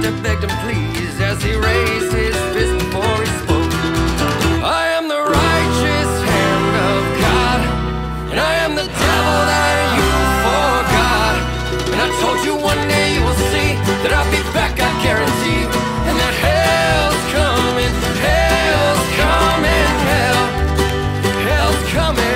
doctor begged him please as he raised his fist before he spoke. I am the righteous hand of God, and I am the devil that you forgot. And I told you one day you will see that I'll be back, I guarantee, and that hell's coming, hell's coming, hell, hell's coming.